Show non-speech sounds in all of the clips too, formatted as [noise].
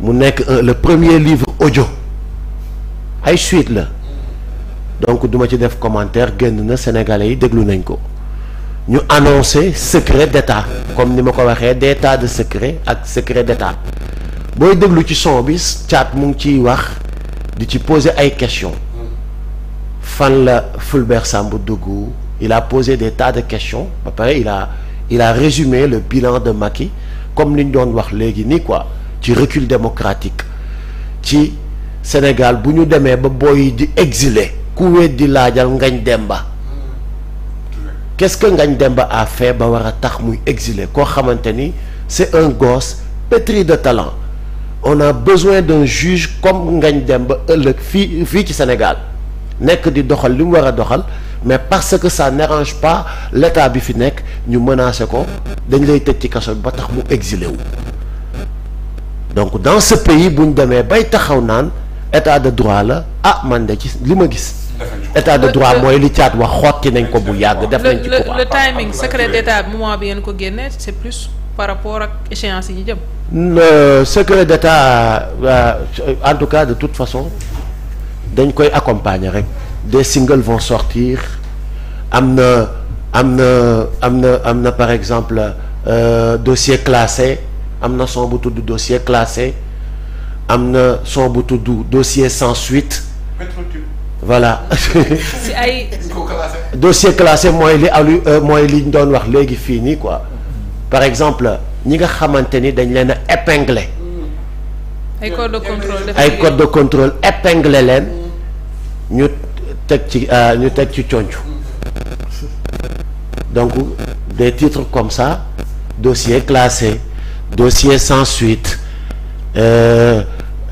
mu nekk le premier livre audio ay suite la donc duma ci def commentaire génn na sénégalais yi déglu nañ ko ñu annoncé secret d'état comme ni ma ko waxee d'état de secret ak secret d'état booy déglu ci son bi caat mu ngi ciy wax di ci poser ay questions fan la Fulbert Sambou dugg il a pose des tas de question ba pare il a il a résumé le bilan de Macky comme li ñu doon wax léegi nii quoi ci recul démocratique ci Sénégal bu ñu demee ba booy di exiler ku di laajal ngañ Demba qu'est-ce que Ngagne Demba a fait ba war a tax muy exiler koo xamante ni c'est un gosse pétri de talent on besoin d'un juge comme Ngagne Demba ëllëg fii fii ci Sénégal nekk di doxal li mu war a doxal mais parce que ça n'arrange pas l'état bi fi nekk ñu menacé ko dañ lay tëj ci kaso bi ba tax mu exilé wu donc dans ce pays bu ñu demee bay taxaw naan état de droit la ah man de ci li ma gis. état de droit mooy li caat wax xotti nañ ko bu yàgg. def nañ ci ko le timing secret d'état moment bi ngeen ko génnee c'est plus par rapport ak échéance yi ñu jëm. le secret d'état euh, en tout cas de toute façon dañ koy accompagner rek des singles vont sortir am na am na am na am na par exemple euh, dossier classé. am na son bu tudd dossier classé am na son bu tudd dossier sans suite voilà [laughs] si ay classé mooy li alu euh, mooy li ñu doon wax léegi fii nii quoi par exemple ñi nga xamante ni dañ leen a ay code de contrôle ay code de leen ñu teg ci euh, ñu teg ci conc donc des titres comme ça dossier classé dossier sans suite euh,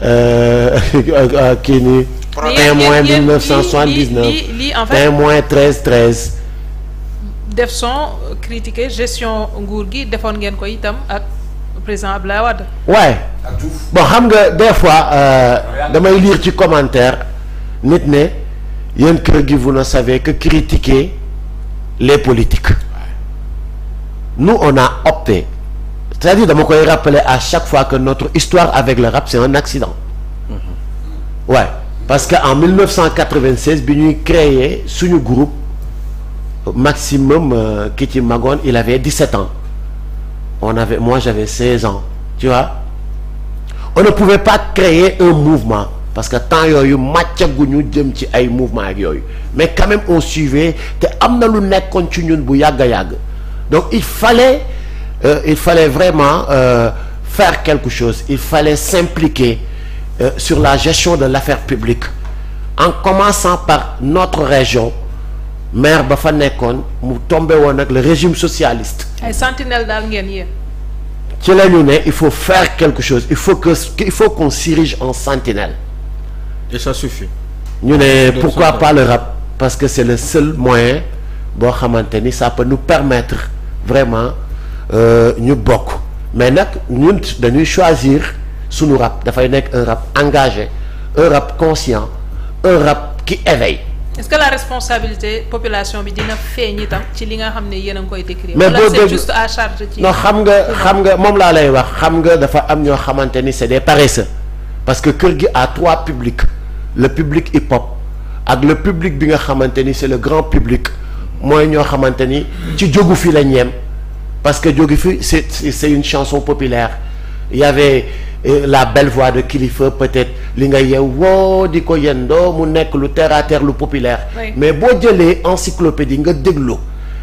euh, [laughs] euh, kii nii témoin 1979 témoin 13 13 def son critiquer gestion nguur gi defoon ngeen ko itam ak président la Wade waaye bon xam nga des fois damay lire ci commentaire nit ne yéen kër gi vous ne savez que critiquer les politiques nous on a opté c'est-à-dire dama koy rappeler à chaque fois que notre histoire avec le rap c'est un accident mm-hmm. ouais parce que en 1996 bi ñuy créer suñu groupe maximum ki euh, ci magoon il avait 17 ans on avait moi j'avais 16 ans tu vois on ne pouvait pas créer un mouvement parce que temps yooyu màccaguñu jëm ci ay mouvement ak yooyu mais quand même on suivait te am na lu nekkoon ci ñun bu yàgg a yàgg donc il fallait euh, il fallait vraiment euh, faire quelque chose il fallait s'impliquer euh, sur la gestion de l'affaire publique en commençant par notre région maire ba fa nekkoon mu tombé woon ak le régime socialiste. ay sentinelles daal ngeen yéen. ci la ñu il faut faire quelque chose il faut que il faut qu'on s'érige en sentinelle. et ça suffit. ñu ne pourquoi pas le parce que c'est le seul moyen boo xamante ni ça peut nous permettre vraiment. Euh, ñu bokk mais nag ñun dañuy choisir suñu rap dafay nekk un rap engagé un rap conscient un rap qui éveille. est-ce que la responsabilité population bi dina feeñ itam ci li nga xam ne yéen a ngi koy décrire. mais boo dégg à charge ci. non xam nga xam nga moom laa lay wax xam nga dafa am ñoo xamante ni c'est des paresseux parce que kër gi a trois publics le public hip-hop ak le public bi nga xamante ni c'est le grand public mooy ñoo xamante ni ci jógu fi la ñeem. parce que jóge fi c'est c'est une chanson populaire y avait euh, la belle voix de Kilifeu peut-être li nga woo di ko yendoo mu nekk lu terre à terre lu populaire mais boo jëlee encyclopédie nga déglu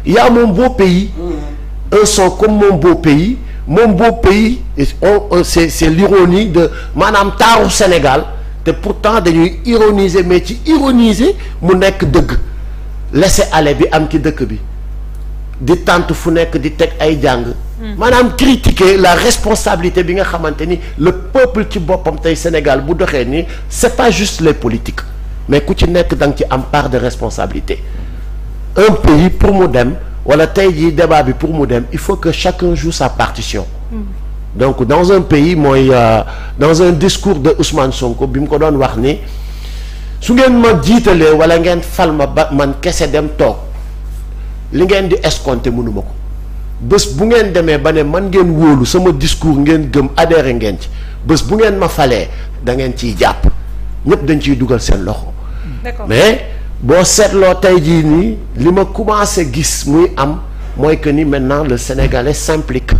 y a mon beau pays mm. un son comme mon beau pays mon beau pays on euh, c'est l'ironie de maanaam taaru Sénégal te pourtant dañuy ironiser mais ci ironiser mu nekk dëgg laisser aller bi am ci dëkk bi di tant fu nekk di teg ay jàng hmm. maanaam critiquer la responsabilité bi nga xamante ni le peuple ci boppam tey Sénégal bu doxee ni c'est pas juste les politiques mais ku ci nekk da nga ci am part de responsabilité un pays pour mu dem wala tey jii débat bi pour mu dem il faut que chacun joue sa partition hmm. donc dans un pays mooy euh, dans un discours de Ousmane Sonko bi mu ko doon wax ni su ngeen ma jiitalee wala ngeen fal ma ba man kese dem toog li ngeen di escompté mënuma ko bés bu ngeen demee ba ne man ngeen wóolu sama discours ngeen gëm adhéré ngeen ci bés bu ngeen ma falee da ngeen ciy jàpp ñëpp dañ ciy dugal seen loxo. mais boo seetloo tey jii nii li ma commencé gis muy am mooy que ni maintenant le sénégalais s'implique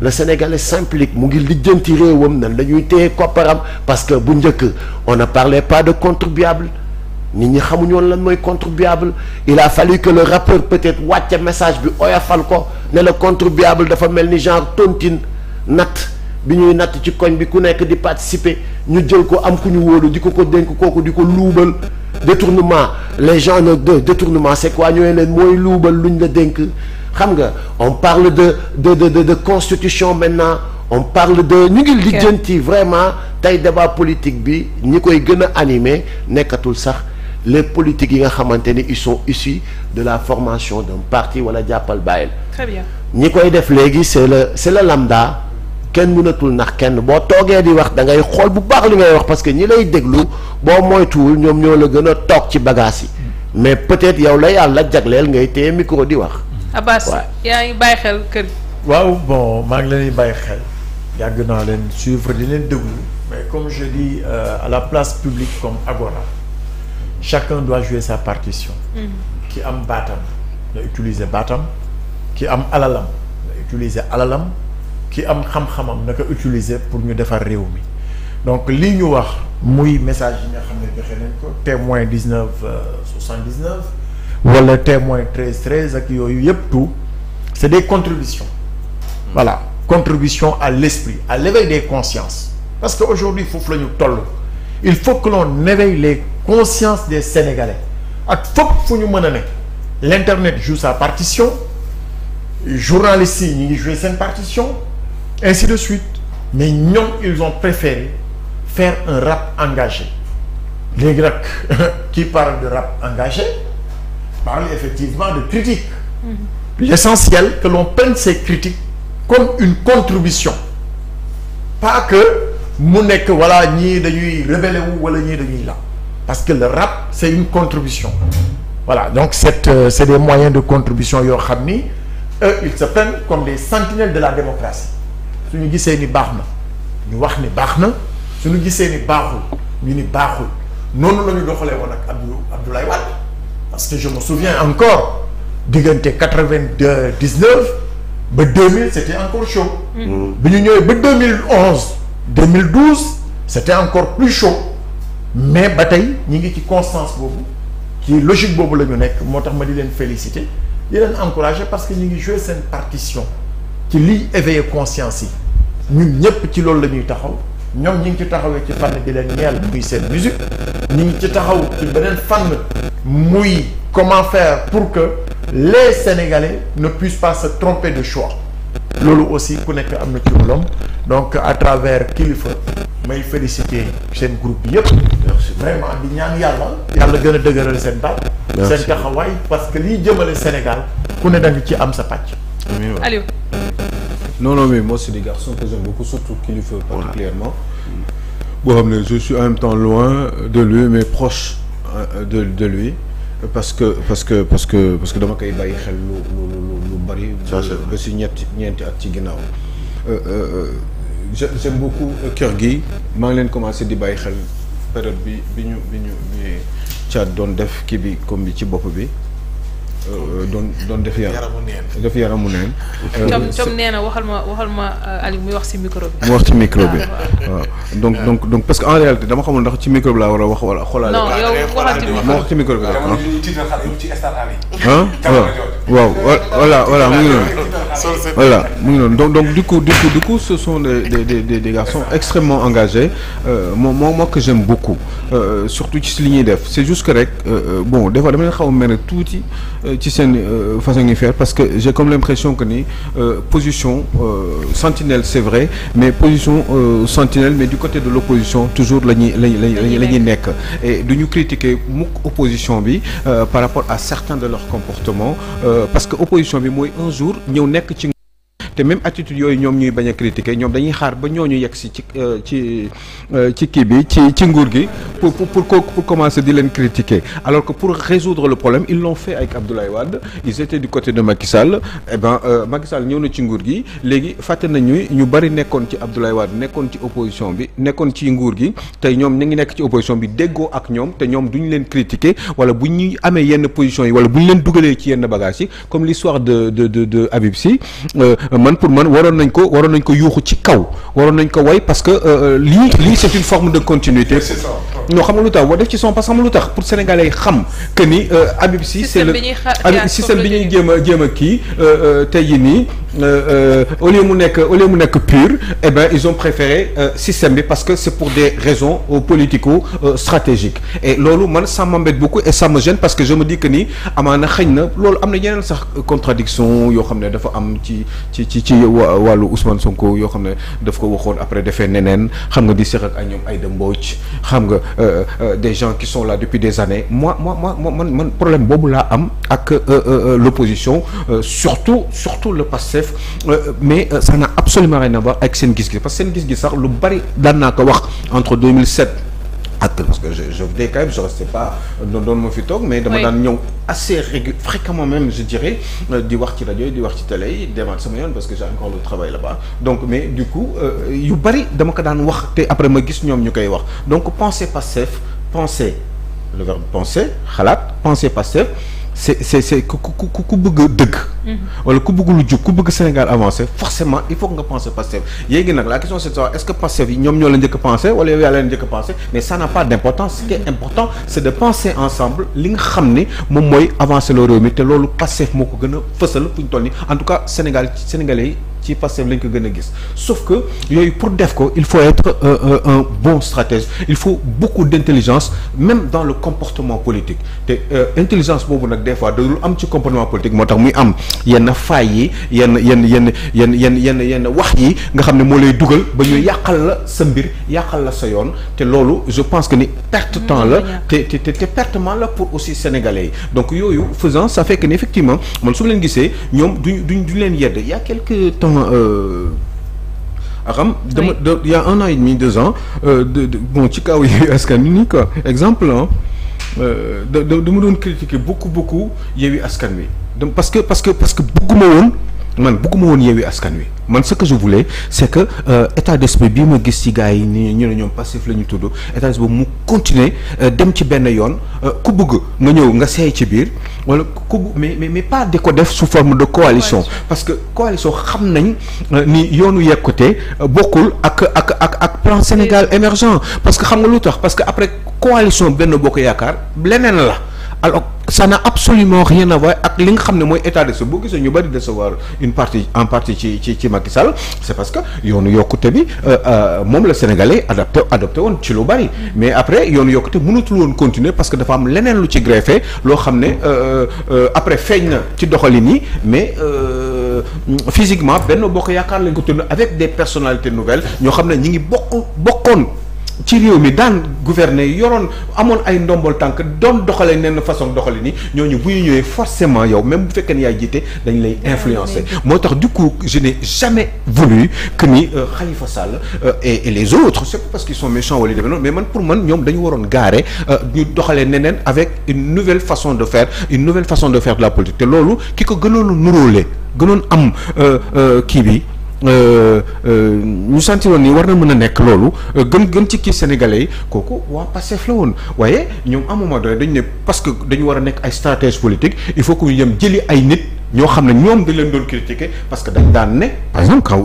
la sénégalais s'implique mu ngi lijjanti réewam nan la ñuy téye kopparam parce que bu njëkk on ne parlait pas de contribuable. nit ñi xamuñoon woon lan mooy contribuable il a fallu que le rappeur peut-être wàcce message bi oyafal ko ne le contribuable dafa mel ni genre tontine natt bi ñuy natt ci koñ bi ku nekk di participer ñu jël ko am ku ñu wóolu di ko ko dénk kooku di ko luubal détournement les gens ne détournement c'est quoi ñooy leen mooy luubal ñu la dénk xam nga on parle de de de de, de constitution maintenant on parle de ñu ngi lijjanti vraiment tey débat politique bi ñi koy gën a animé nekkatul sax les politiques yi nga xamante ni ils sont de la formation d'un parti wala jàppal bàyyil très bien ñi koy def léegi c'est la c'est le lambda kenn mënatul nax kenn boo toogee di wax da ngay xool bu baax li ngay wax parce que ñi lay déglu boo moytuwul ñoom ñoo la gën a toog ci bagages yi mais peut-être yow la yàlla jagleel ngay téye micro di wax. Abbas yaa ngi bàyyi xel kër waaw bon maa ngi leen bàyyi xel yàgg naa leen suivre di leen déglu mais comme je euh, la place publique comme Agora. chacun doit jouer sa partition mm-hmm. ki am baatam na utiliser baatam ki am alalam na utiliser alalam ki am xam-xamam na ko utiliser pour ñu defar réew mi donc li ñu wax muy message yi nga xam ne joxe nañ ko témoin 19 79 euh, wala témoin 13 13 ak yooyu yëpp tout c'est des contributions mm-hmm. voilà contribution à l'esprit à l'éveil des consciences parce que aujourd'hui foofu la ñu toll il faut que l'on éveille les conscience des Sénégalais ak fépp fu ñu mën a ne internet joue sa partition journalistes yi ñu ngi jouer seen partition ainsi de suite mais ñoom ils ont préféré faire un rap engagé léegi nag [laughs] qui parle de rap engagé parle effectivement de critique mm-hmm. l'essentiel que l'on prenne ces critiques comme une contribution pas que mu nekk voilà ñii dañuy révéler wu wala ñii dañuy la parce que le rap c'est une contribution voilà donc cette euh, c'est des moyens de contribution yoo xam ni eux ils se prennent comme des sentinelles de la démocratie suñu gisee ni baax na ñu wax ni baax na su ñu gisee ni baaxul ñu ni baaxul noonu la ñu doxalee woon ak Abdou Abdoulaye Wade parce que je me souviens encore diggante quatre-vingt-deux dix-neuf ba deux mille encore chaud mm. bi ñu ñëwee ba deux mille onze deux mille c'était encore plus chaud mais ba tey ñi ngi ci constance boobu ci logique boobu la ñu nekk moo tax ma di leen félicité di leen encourager parce que ñu ngi jouer seen partition ci liy éveiller conscience yi ñun ñëpp ci loolu la ñuy taxaw ñoom ñi ngi ci taxawee ci fànn bi leen ñeel muy seen musique ñi ngi ci taxaw ci beneen fànn muy comment faire pour que les Sénégalais ne puissent pas se tromper de choix loolu aussi ku nekk am na ci wàllum donc à travers Kilifeu may féliciter seen group bi yëpp. vraiment di ñaan yàlla. yàlla gën a dëgëral seen daal. seen taxawaay parce que liy jëmale Sénégal ku ne da ci am sa pàcc. Aliou. non non mais moi c'est des garçons que j'aime beaucoup surtout Kilifeu particulièrement. boo xam ne je suis en même temps loin de lui mais proche euh, de de lui. parce que parce que parce que parce que dama koy bàyyi xel lu lu lu lu bari. ba si ñetti ñeenti at ci ginnaaw. Euh, euh, je j'aime beaucoup euh, kër gi maa ngi leen commencé di bàyyi xel période bi bi ñu bi ñu bi caat doon def kii bi comme bi ci bopp bi. Euh, doon doon def yaramu neen def yaramu neen. com euh, com nee waxal ma waxal ma Aliou muy wax ci micro bi. mu wax ci micro bi ah, waaw donc donc donc parce que en réalité dama xamul ndax ci micro laa war a wax wala xoolaale. bi ma wax ci micro bi rek ah. waaw voilà voilà mu ngi noonu voilà mu ngi noonu donc donc du coup du coup du coup ce sont des des des des garçons extrêmement engagés moom euh, moom moo que j'aime beaucoup euh, surtout ci li ñuy def c'est juste que rek euh, bon des fois dama leen a mere tuuti ci seen façon ñuy faire parce que j'ai comme l'impression que ni position sentinelle c'est vrai mais position sentinelle mais du côté de l'opposition toujours la ñuy la ñuy la ñuy nekk et du ñu critiquer mukk opposition bi par rapport à certains de leurs comportements. Euh, parce que opposition bi mooy un jour ñëw nekk ci. te même attitude yooyu ñoom ñuy bañ a critiquer ñoom dañuy xaar ba ñu yegg si ci euh, ci euh, ci kii bi ci ci nguur gi pour pour pour commencer di leen critiquer alors que pour résoudre le problème ils l'ont fait avec Abdoulaye ils étaient du côté de Macky Sall eh ben euh, ñëw na ci nguur gi léegi fàtte nañu ñu bari nekkoon ci Abdoulaye Wade nekkoon ci opposition bi nekkoon ci nguur gi te ñoom ñu nekk ci opposition bi déggoo ak ñoom te ñoom duñu leen critiquer wala bu ñuy amee yenn position yi wala bu ñu leen dugalee ci yenn bagages yi comme l'histoire de de de de Habib man pour man waroon nañ ko waroon nañ ko yuuxu ci kaw waroon nañ ko way parce que euh, euh, lii lii c'est une forme de continuité non xam lu tax wa def ci son parce que lu tax pour sénégalais yi xam que ni euh, Habib Sy c'est le Habib système bi ñuy jéem a jéem a kii tey jii nii Euh, euh, au mu nekk au lieu mu nekk pur eh ils ont préféré euh, système bi parce que c'est pour des raisons politico stratégiques et loolu man ça m'embête beaucoup et ça me gêne parce que je me dis que ni amaana xëy na loolu am na yeneen sax contradiction yoo xam ne dafa am ci ci ci ci wàllu Ousmane Sonko yoo xam ne daf ko waxoon après defee neneen xam nga di seq ak ay ñoom ay dëmbooj xam nga des gens qui sont là depuis des années moi moi moi man man problème boobu laa am ak le PASTEF def euh, mais euh, ça n'a absolument rien ak seen gis-gis parce que seen gis-gis sax lu bari daan naa ko wax entre 2007 ak parce que je je dès quand je restais pas doon moo fi toog mais dama daan ñëw assez régu fréquemment même je dirais euh, di wax ci rajo yi di wax ci télé yi demaat sama yoon parce que j'ai encore le travail là-bas donc mais du coup yu bari dama ko daan wax te après ma gis ñoom ñu koy wax donc pensez Pastef pensez le verbe penser xalaat pensez Pastef c'est c'est c'est ku ku ku bëgg dëgg. Mm-hmm. wala ku bëgg lu jub ku bëgg Sénégal avancé forcément il faut nga penser Pastef yéegi nag la question c'est de est-ce que Pastef yi ñoom ñoo leen njëkk a pensé wala yaa leen njëkk a pensé mais ça n'a pas d'importance ce qui important c'est de penser ensemble li nga xam ne moom mooy avancer le réew mi te loolu Pastef moo ko gën a fësal fu ñu toll nii en tout cas Sénégal Sénégalais yi ci Pastef lañ ko gën a gis sauf que yooyu pour def ko il faut être euh, euh, un bon stratège il faut beaucoup d'intelligence même dans le comportement politique te euh, intelligence boobu nag des fois lu am ci comportement politique moo tax muy am yenn faay yi yenn yenn yenn yenn yenn yenn yenn wax yi nga xam ne moo lay dugal ba ñu yàqal la sa mbir yàqal la sa yoon te loolu je pense que ni perte temps la mm-hmm. te te te pertement la pour aussi sénégalais yi donc yooyu faisant ça fait que effectivement man su ma leen gisee ñoom duñ duñ duñ leen yedd directement axam dama il y a un an et euh, de, de bon ci kaw Yewwi [laughs] Askan Wi quoi exemple euh, da dama doon critiquer beaucoup beaucoup Yewwi Askan Wi parce que parce que parce que bëgguma woon man bëgguma woon yeewi askan wi man ce que je voulais c'est que euh, état d'esprit bii ma gis ci gars yi ni ñu ne ñoom passif la ñu tudd état d'esprit mu continuer euh, dem ci benn yoon euh, ku bugg nga ñëw nga seey ci biir wala ku mais mais mi pas di ko def sous forme de coalition parce que coalition xam nañ ni yoonu yekkute bokkul ak ak ak ak plan Sénégal émergent parce que xam nga lu tax parce que après coalition benn bokk yaakaar leneen la alors ça n'a absolument rien à voir ak li nga xam ne mooy état de se boo gisee ñu bëri décevoir une partie en partie ci ci ci Macky Sall c'est parce que yoonu yokkute bi euh, euh, moom la sénégalais adapté adopté woon ci lu bëri mais après yoonu yokkute munatul woon continuer parce que dafa am leneen lu ci greffé loo xam ne euh, après feeñ na ci doxalin yi mais physiquement benn bokk yaakaar lañ ko tënn avec des personnalités nouvelles ñoo xam ne ñi ngi bokk bokkoon ci réew mi daan gouverner yoroon amoon ay ndombol tànk doon doxale nenn façon doxale ni ñooñu bu ñu ñëwee forcément yow même bu fekkee ne yaay jiite dañ lay influencer ah moo tax du coup je n'ai jamais voulu que ni euh, Khalifa Sall euh, et les autres c'est pas parce qu'ils sont méchants wala demee noonu mais man pour man ñoom dañu waroon gaare euh, ñu doxalee neneen avec une nouvelle façon de faire une nouvelle façon de faire de la politique te loolu ki ko gënoon nuróole gënoon am kii bi Euh, euh, ñu sentiroon ni war na mën a nekk loolu euh, gën gën ci kii sénégalais yi kooku waa Pastef la woon waaye ñoom amuma doy dañ ne parce que dañu war a nekk ay stratège politique il faut que ñu dem jëli ay nit ñoo xam ne ñoom dañ leen doon critiquer parce que dañ daan ne par exemple kaw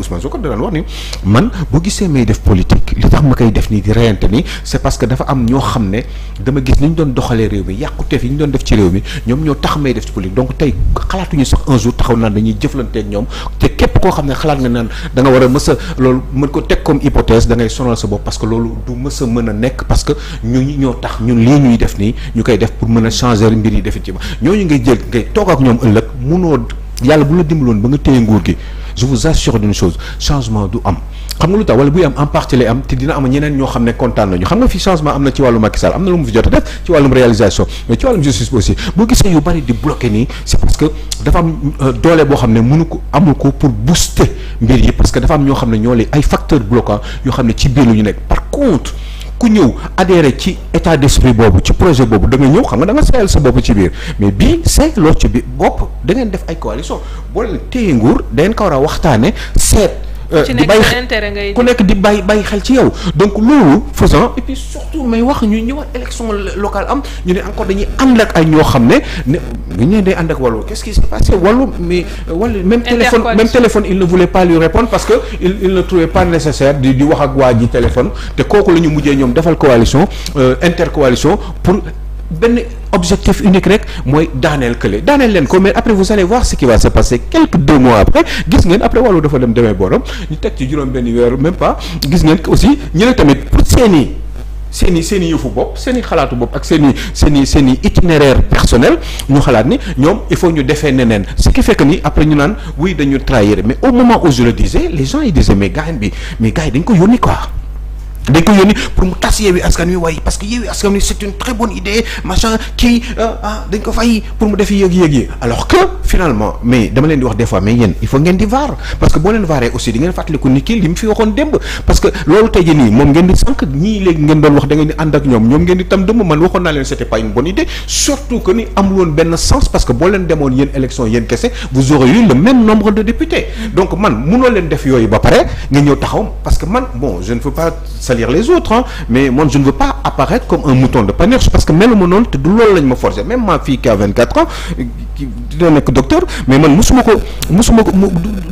may def politique tax ma koy def nii di reyante nii c'est parce que dafa am ñoo xam ne dama gis li ñu doon doxalee réew mi yàquteef yi ñu doon def ci réew mi ñoom ñoo tax may def ci politique donc tey xalaatuñu sax un jour taxaw naan dañuy jëflanteeg ñoom te képp koo xam ne xalaat nga naan da nga war a mës a loolu mën ko teg comme hypothèse da ngay sonal sa bopp parce que loolu du mës a mën a nekk parce que ñun ñoo tax ñun lii ñuy def nii ñu koy def pour mën a changer mbir yi defi ci ma ñooñu ngay jël ngay toog ak ñoom mënoo yàlla bu la dimbaloon ba nga téye nguur gi je vous assure d'une chose changement du am xam nga lu tax wala buy am en partie am te dina am ñeneen ñoo xam ne kontaan nañu xam nga fi changement am na ci wàllu Macky Sall am na lu mu fi jot a def ci wàllum réalisation mais ci wàllum justice aussi boo gisee yu bari di bloqué nii c'est parce que dafa am euh, doole boo xam ne mënu ko amul ko pour booster mbir yi parce que dafa am ñoo xam ne ñoo lay ay facteurs bloquants yoo xam lu ñu nekk par ku ñëw adhéré ci état d'esprit boobu ci projet boobu da ñëw xam nga da nga seeyal sa bopp ci biir mais bii seeyaloo ci bi bopp da ngeen def ay coalition boo leen téye nguur da ngeen ko war a waxtaane seet Euh, di bàyyi ku nekk di bàyyi bàyyi xel ci yow donc loolu faisant et puis surtout may wax ñu ñëwaat élection locale am ñu ne encore dañuy ànd ak ay ñoo xam ne ne ñu ne day ànd ak wàllu qu'est-ce qui s'est passé wàllu mais euh, wàllu même téléphone même téléphone il ne voulait pas lui répondre parce que il il ne trouvait pas nécessaire di di wax ak waa ji téléphone te kooku la ñu mujjee ñoom defal coalition euh, intercoalition pour benn objectif unique rek mooy daaneel kële daaneel leen ko mais après vous allez voir ce qui va se passer quelques deux mois après gis ngeen après wàllu dafa dem demee booram ñu teg ci juróom benn weer même pas gis ngeen aussi ñële tamit pour seeni seeni seeni yëfu bopp seeni xalaatu bopp ak seeni seeni seeni itinéraire personnel ñu xalaat ni ñoom il faut ñu defee neneen ce qui fekk ni après ñu naan oui dañu trahir mais au moment où je le disais les gens ils disaient mais gars yi dañ ko yónni quoi dañ ko yónni pour mu tas yeewi askan wi waaye parce que yeewi askan wi c'est une très bonne idée machin kii euh, ah, dañ ko fay pour mu def yéeg-yéeg yi alors que finalement mais dama leen di wax des mais yéen il faut ngeen di vaar parce que boo leen vaaree aussi di ngeen fàttaliku ni kii li mu fi waxoon démb parce que loolu tey nii moom ngeen di sànq ñii léegi ngeen doon wax da di ànd ak ñoom ñoom ngeen di tam dëmb man waxoon naa leen c'était pas salir les autres hein mais man je ne veux pas apparaître comme un mouton de Panurge parce que melu ma noonu te du loolu lañ ma forger même ma fille qui a 24 ans dina nekk docteur mais man musuma ko musuma ko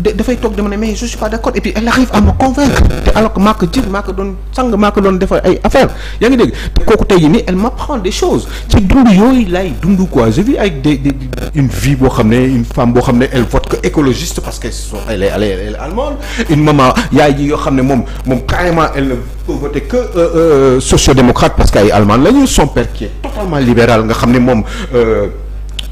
dafay toog dama ne mais je suis pas d'accord et puis elle arrive à me convaincre te alors ko jël maa ko doon sang maa ko doon affaire yaa ngi dégg te kooku tey nii elle m'apprend des choses ci dund yooyu lay dund quoi je vis avec des des une vie boo xam ne une femme peut voter que euh, euh sociodémocrate parce que ay allemand lañu son père totalement libéral nga xam ne moom euh,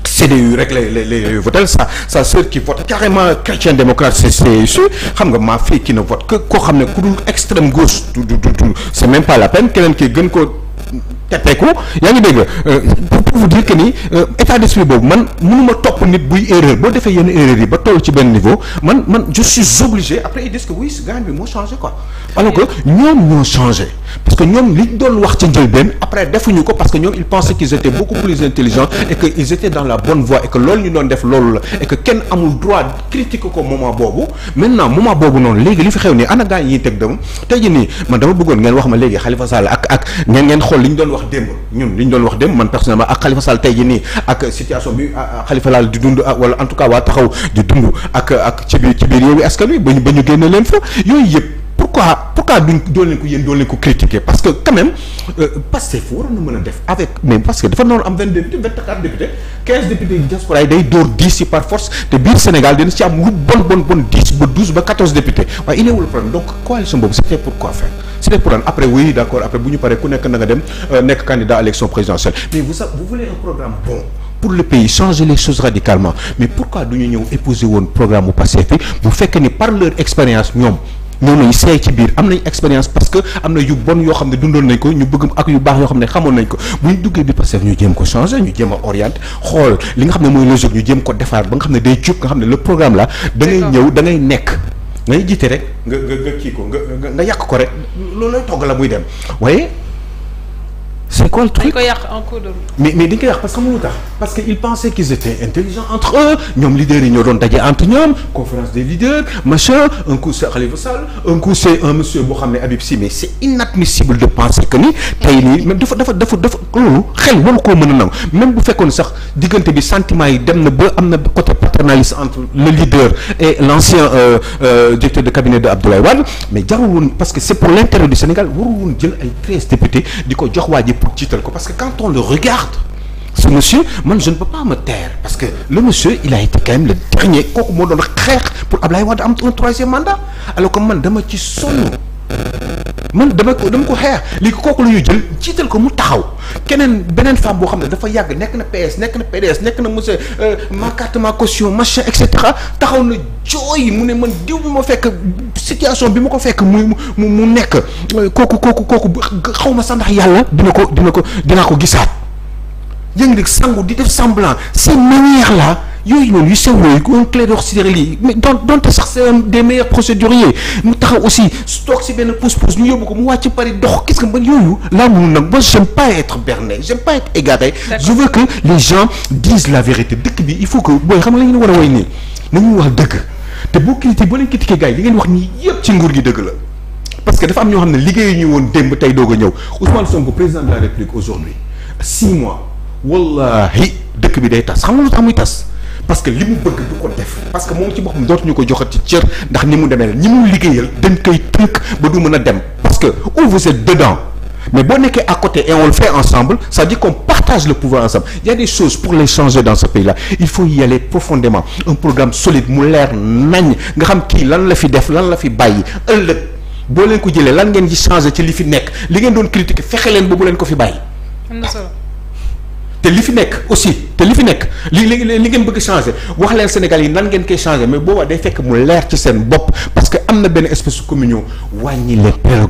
CDU rek lay lay lay voter sa sa sœur qui vote carrément chrétien démocrate c'est CSU xam nga ma fille qui ne vote que koo xam ne ku dul extrême gauche du du du c'est même pas la peine keneen ki gën ko teppeeku yaa ngi dégg euh, pour vous dire que euh, boobu man mënuma topp nit buy erreur boo defee yenn erreur yi ba toll ci benn niveau man man je suis obligé après ils disent que oui gaañ bi moo changé quoi alors que ñoom ñoo changé parce que ñoom liñ doon wax ca njëlbeen après defuñu ko parce que ñoom ils pensaient qu'ils étaient beaucoup plus intelligents et que ils étaient dans la bonne voie et que loolu ñu doon def loolu la et que kenn amul droit critiquer ko moment boobu maintenant wax ma léegi Khalifa wax démb ñun li ñu doon man personnellement ak Khalifa Sall tey ji nii ak situation di dund wala en tout cas waa taxaw leen fa yooyu yëpp pourquoi pourquoi duñ doon leen parce que quand même euh, a def avec mais parce que dafa noonu am vingt députés vingt quatre députés quinze députés diaspora yi day door dix yi par force te biir Sénégal dina ci am lu bon bon bon dix ba douze ba quatorze députés waaye il est donc coalition boobu c'était pourquoi faire c'était pour lan après oui d'accord après bu ñu paree ku nekk na nga dem euh, nekk candidat à présidentielle mais vous vous voulez un programme pour le pays changer les choses radicalement mais pourquoi du ñu ñëw épouser woon programme bu passé fi bu fekkee ni par leur expérience ñoom ñoom nañu seey ci biir am nañ expérience parce que am na yu bon yoo xam ne dundoon nañ ko ñu bëgg ak yu baax yoo xam ne xamoon nañ ko bu ñu duggee bi Pastef ñu jéem ko changer ñu jéem a orienter ne mooy logique ñu jéem ko defar ba ne day jub nga xam ne ngay jiite rek nga nga nga kii ko nga nga yàq ko rek loolu lay togg la muy dem waaye c'est quoi le truc dañ ko mais mais dañ ko yàq parce que mënu tax parce que ils pensaient qu'ils étaient intelligents entre eux ñoom leaders yi ñoo doon daje entre ñoom conférence des leaders machin un coup c'est Khalifa Sall un coup c'est un monsieur boo xam ne Habib Sy mais c'est inadmissible de penser que ni tey nii même dafa dafa dafa dafa loolu xel waru koo mën nangu même bu fekkoon sax diggante bi sentiment yi dem na ba am na côté paternaliste entre le leader et l'ancien euh, euh, woon parce que c'est pour l'intérêt di ko jox waa ji pour tiital ko parce que quand on le regarde ce monsieur man je ne peux pas me taire parce que le monsieur il a été quand même le dernier kooku moo doon xeex pour Ablaye Wade am un troisième mandat alors comme man dama ci sonn man dama ko dama ko xeex lii kooku la ñuy jël jiital ko mu taxaw keneen beneen femme boo xam ne dafa yàgg nekk na PS nekk na PDS nekk na monsieur euh, ma carte ma caution et cetera taxaw na jooy mu ne man diw bi ma fekk situation bi ma ko fekk mu mu mu nekk euh, kooku kooku kooku xaw ma sax ndax yàlla dina ko dina ko dinaa ko gisaat yëngu nag sangu di def semblant ces manières là. yooyu noonu yu sew yooyu ku doon Clédor Ciré Ly mais sax c'est un des meilleurs procéduriers mu taxaw aussi toog si benn pousse-pousse ñu yóbbu ko mu wàcc Paris dox gis nga man yooyu laa mënul nag moi j'aime pas être berné j'aime pas être dëkk bi il faut que xam la ñu war a way nii nañu wax dëgg te boo critiqué boo leen critiqué gars li ngeen wax nii yëpp ci nguur gi dëgg la parce que dafa am ñoo xam ne liggéeyu ñu woon démb tey doog a ñëw Ousmane Sonko président de la République aujourd'hui six mois wallahi dëkk bi day tas xam nga lu tax tas parce que li mu bëgg du ko def parce que moom ci boppam dootuñu ko joxati cër ndax ni mu demee ñi mu liggéeyal dañ koy tënk ba du mën a dem parce que où vous êtes dedans mais boo nekkee à côté et on le fait ensemble ça veut dire qu'on partage le pouvoir ensemble il y a des choses pour les changer dans ce pays là il faut y profondément un programme solide mu leer nañ nga xam kii lan la fi def lan la fi bàyyi ëllëg boo leen ko jëlee lan ngeen ci changer ci li fi nekk li ngeen doon critiquer fexe leen ba leen ko fi bàyyi. te li fi nekk aussi te li fi nekk li li li ngeen bëgg changer wax leen Sénégal yi nangeen ngeen koy changer mais boobaa day fekk mu leer ci seen bopp parce que am na benn espèce de communion wàññi leen